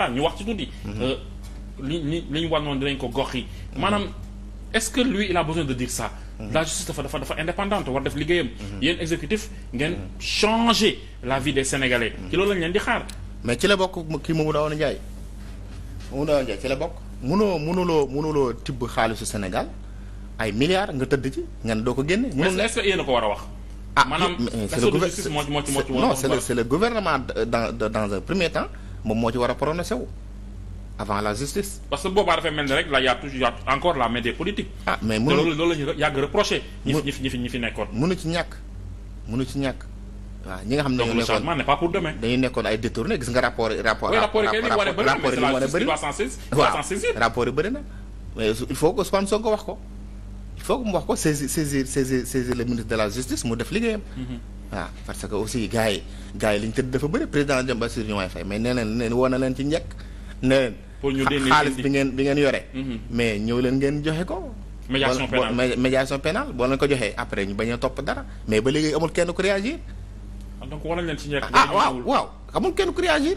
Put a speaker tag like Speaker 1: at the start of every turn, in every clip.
Speaker 1: plan ñu wax ci tuuti. Mhm. Euh, li ko gox yi. Mhm. maanaam ce que lui il a de dire ça. Mhm. la justice dafa dafa dafa indépendante war def liggéeyam. yéen exécutif ngeen changer la vie des sénégalais. ci loolu lañ leen di xaar. mais ci la bokk a Mamadou Awa
Speaker 2: Ndiaye Mamadou Awa Ndiaye ci la bokk. munoo munuloo munuloo tibb xaalisu Sénégal ay milliards nga tëdd ci nga ne doo ko génne. munul
Speaker 1: est-ce que yéen a ko war a wax. ah maanaam c'est le gouvernement non c'est
Speaker 2: le gouvernement dans dans un premier temps. moom moo ci war a prononcé
Speaker 1: wu avant la justice. parce que boobaa dafay mel ni rek la y' a toujours y' a encore la main des ah mais mënu loolu loolu la ñuy yàgg reproché. ñi ñi fi ñi fi nekkoon. mënu ci ñàkk mënu ci ñàkk.
Speaker 2: waaw ñi nga xam ne nekkoon nekkoon ay détourné gis nga rapport rapport. rapport yi kay li mu war a bëri na mais c'est la justice na mais il faut que Ousmane Sonko wax ko il faut que mu wax ko saisir saisir saisir le ministre de la justice def liggéeyam. Mm-hmm. waaw ah, parce que aussi gars yi gars yi li tëdd dafa bëri président Diomaye Bassirou Diomaye Faye mais nee neen neen woo na leen ci njëkk ne leen xaalis bi ngeen bi ngeen yore mhm. mais ñëw leen ngeen joxe ko médiation pénale médiation pénale boo leen ko joxee après ñu bañ a topp dara mais ba léegi amul kenn ku réagir
Speaker 1: ah, donc war nañ leen ci njëkk ah waaw
Speaker 2: waaw amul kenn ku réagir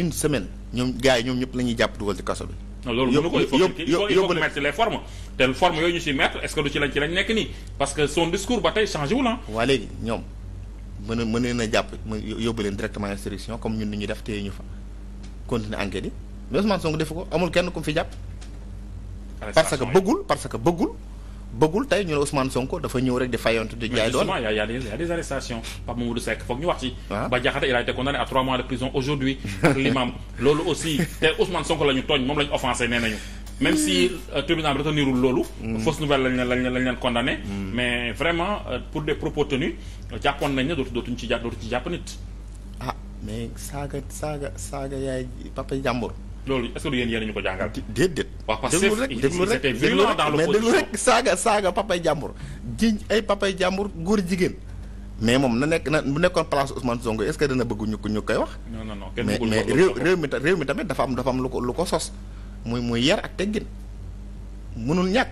Speaker 2: une semaine ñoom gars yi ñoom ñëpp la jàpp dugal ci kaso bi.
Speaker 1: loolu mënu ko te forme yooyu ñu si mettre est-ce que du ci lañ ci lañ nekk nii parce que son discours ba tey changé wul ah.
Speaker 2: waa léegi ñoom mën a mën leen jàpp yóbbu leen directement instruction comme ñun ni ñu def téye ñu fa continuer enquête yi mais Ousmane Sonko defu ko amul kenn ku fi jàpp. parce que bëggul parce que bëggul. bëggul
Speaker 1: tey ñu ne Ousmane Sonko dafa ñëw rek di fayantu di jaay doon mais justement y' a y' a des arrestations Pape Mamadou Seck foog ñu wax ci. Ah. ba jaxate il a été condamné trois mois de prison aujourd'hui l'imam loolu aussi te Ousmane Sonko la ñu tooñ moom la ñu offensé nee nañu. si euh, tribunal bi retenirul loolu. Mm. fausse nouvelle lañ leen lañ leen condamné. Mm. mais vraiment euh, pour de propos tenus jàppoon nañ ne dootu dootuñ ci jàpp ci jàpp nit.
Speaker 2: ah mais saaga saaga saaga yaay papa jàmbur.
Speaker 1: loolu est-ce que yéen ñu ko jàngal. déedéet. waaw parce que déglu rek déglu rek mais déglu rek
Speaker 2: saaga saaga papay jàmbur. jiñ ay papay jàmbur góor jigéen. mais moom na nekk na bu nekkoon place Ousmane Sonko est-ce que dana bëgg ñu ko ñu koy wax.
Speaker 1: non mais réew
Speaker 2: réew mi tamit dafa am dafa am lu ko lu ko sos. muy muy yar ak teggin mënul ñàkk.